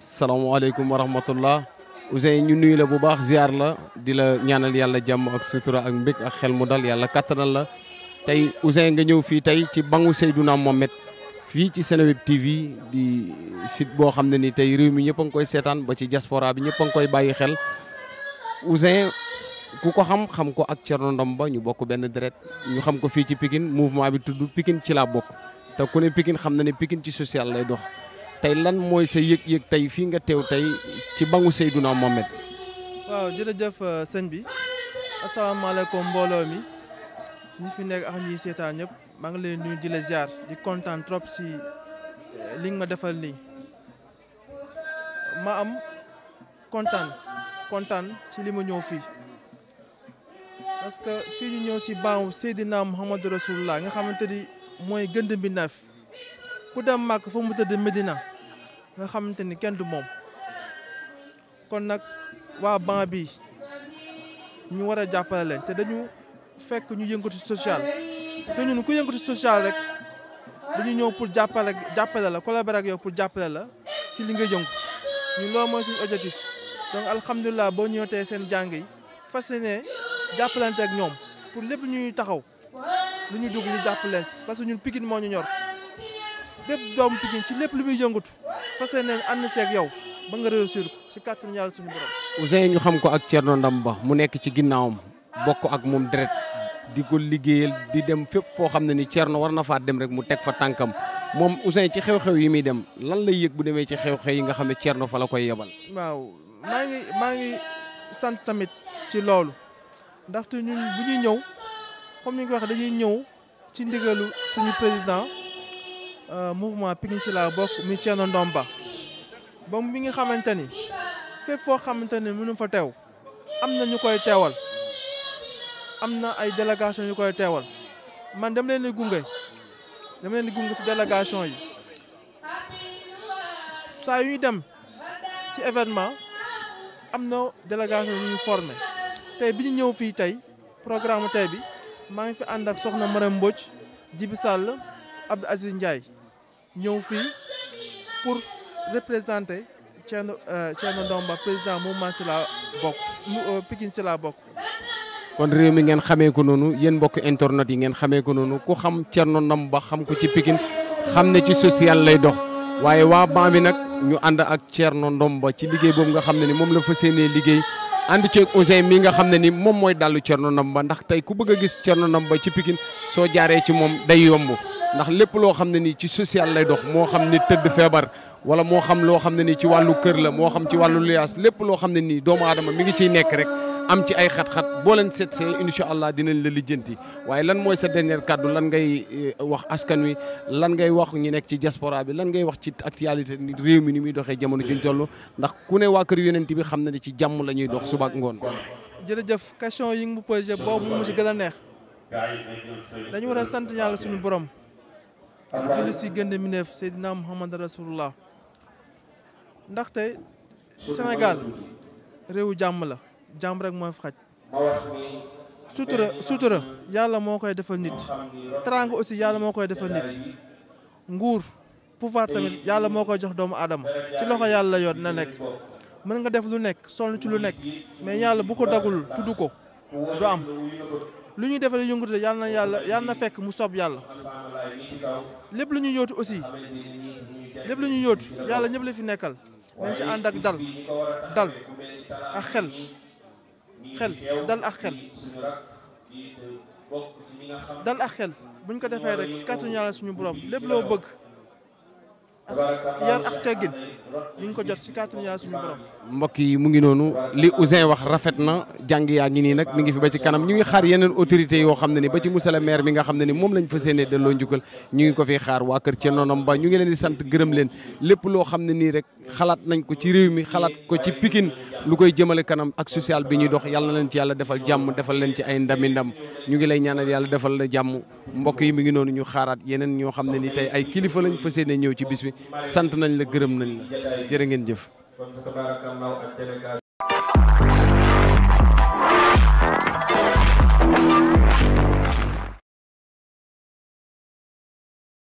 salaamaaleykum wa rahmatullah Ousseyn ñu nuyu la bu baax ziar la di la ñaanal yàlla jàmm ak sutura ak mbég ak xel mu dal yàlla kàttanal la tey Ousseyn nga ñëw fii tey ci bangu Seydouna Mohamed fii ci Seneweb TV di site boo xam ne ni tey réew mi ñëpp ngi koy seetaan ba ci diaspora bi ñëpp ngi koy bàyyi xel Ousseyn ku ko xam xam ko ak Thierno ba ñu bokk benn deret ñu xam ko fii ci Pikine mouvement bi tudd Pikine ci laa bokk te ku ne Pikine xam na ne Pikine ci social lay dox tey lan mooy sa yëg-yëg tey fii nga teew tey ci bangu Seydouna Mohamed. waaw jërëjëf euh, sëñ bi asalaamaaleykum mbooloo mi ñi fi nekk ak ñiy seetaan ñëpp maa ngi leen nuyu jile la di kontaan trop si euh, li ma defal nii ma am kontaan kontaan ci li ma ñëw fii. parce que fii ñu ñëw si baamu Seydina Muhammadu Rasulullah nga xamante ni mooy gënd bi naaf. ku dem màkk fa mu tëdd Medina nga xamante ni kenn du moom kon nag waa ban bi ñu war a jàppale leen te dañu fekk ñu yëngatu social te ñun ku yëngatu social rek dañu ñëw pour jàppale jàppale la collaborer ak yow pour jàppale la si li nga yëngu ñun loolu mooy suñu objectif donc alhamdulilah boo ñëw seen jàng yi fas yéene jàppalante ñoom pour lépp ñuy taxaw lu ñu dugg ñu jàpp leen parce que ñun Pikine moo ñu ñor bépp doomu Pikine ci lépp lu muy yëngatu fas yéeneen ànd ceeg yow ba nga réussir ko ci kàttanu Yàlla suñu borom. Ouzin ñu xam ko ak Thierno Ndamba mu nekk ci ginnaawam bokk ak moom deret di ko liggéeyal di dem fépp foo xam ne ni Thierno war na faa dem rek mu teg fa tànkam moom Ouzin ci xew-xew yi muy dem lan lay yëg bu demee ci xew-xew yi nga xam ne Thierno fa la koy yebal. waaw maa ngi maa ngi sant tamit ci loolu ndaxte ñu bu ñëw comme ni nga ko waxee dañuy ñëw ci ndigalu suñu président. Euh, mouvement Pikine si bokk mi Thierno Ndomba ba mi nga xamante ni fépp foo xamante ni mënu fa teew am na ñu koy teewal am na ay délégation yu koy teewal man dem leen di gunge dem leen di gunge si délégation yi saa yuy dem ci événement am na délégation yu ñu formé tey bi ñu ñëw fii tey programme tey bi maa ngi fi ànd ak soxna Marème Mbodj Djibi Sall Abdou Aziz ñëw fii pour représenter Thierno euh, Thierno Ndomba président mouvement si la bokk euh, Pikine si la bokk. kon réew mi ngeen xamee ko noonu yéen mbokk internet yi ngeen xamee ko noonu ku xam Thierno ba xam ko ci Pikine xam ne ci social lay dox waaye waa ban bi nag ñu ànd ak Thierno Ndomba ci liggéey boobu nga xam ne ni moom la fas yéenee liggéey. ànd ceeg Ouzin mi nga xam ne ni moom mooy dallu Thierno Namba ndax tey ku bëgg a gis Thierno ba ci pikin soo jaaree ci moom day yomb ndax lépp loo xam ne nii ci social lay dox moo xam ni tëdd feebar wala moo xam loo xam ne ni ci wàllu kër la moo xam ci wàllu luyaas lépp loo xam ne nii doomu aadama mi ngi ciy nekk rek am ci ay xat-xat boo leen seet see incha allah dinañ la lijjanti waaye lan mooy sa dernier kàddu lan ngay eh, wax askan wi lan ngay wax ñi nekk ci diaspora bi lan ngay wax ci actualité ni réew mi ni muy doxee jamono juñ toll ndax ku ne waa kër yonent bi xam na ne ci jàmm la ñuy dox suba ak ngoon. jërëjëf question yi nga mu posé boobu mu si gën a neex dañu war a sant yàlla suñu borom. julli si gën mi neef Seydina Muhammad rasulullah ndaxte Sénégal réewu jàmm la. jàmm rek mooy fi xaj sutura sutura yàlla moo koy defal nit teraanga aussi yàlla moo koy defal nit nguur pouvoir tamit yàlla moo koy jox doomu aadama ci loxo yàlla yoon na nekk mën nga def lu nekk sol ci lu nekk mais yàlla bu ko dagul tudd ko du am lu ñuy defal yëngute yàlla na yàlla yàlla na fekk mu soob yàlla lépp lu ñuy yootu aussi lépp lu ñuy yootu yàlla ñëpp la fi nekkal nañ ci ànd ak dal dal ak xel xel dal ak xel dal ak xel buñ ko defee rek si kàttanu yàlla suñu borom lépp loo bëgg yar ak teggin ñu ngi ko jot si kàttanu yàlla suñu borom. mbokk yi mu ngi noonu li Ouzin wax rafet na jàng yaa ngi nii nag mi ngi fi ba ci kanam ñu ngi xaar yeneen autorités yoo xam ne ni ba ci monsieur le mi nga xam ne ni moom lañ fas yéene delloo njukkal ñu ngi ko fi xaar waa kër Thierno Ndomba ñu ngi leen di sant gërëm leen lépp loo xam ne nii rek. xalaat nañ ko ci réew mi xalaat ko ci pikin lu koy jëmale kanam ak social bi ñuy dox yàlla na leen ci yàlla defal jàmm defal leen ci ay ndami ndam ñu ngi lay ñaanal yàlla defal la jàmm mbokk yi mi ngi noonu ñu xaaraat yeneen ñoo xam ne ni tey ay kilifa lañ fa yéene ñëw ci bis mi sant nañ la gërëm nañ la jërë ngeen jëf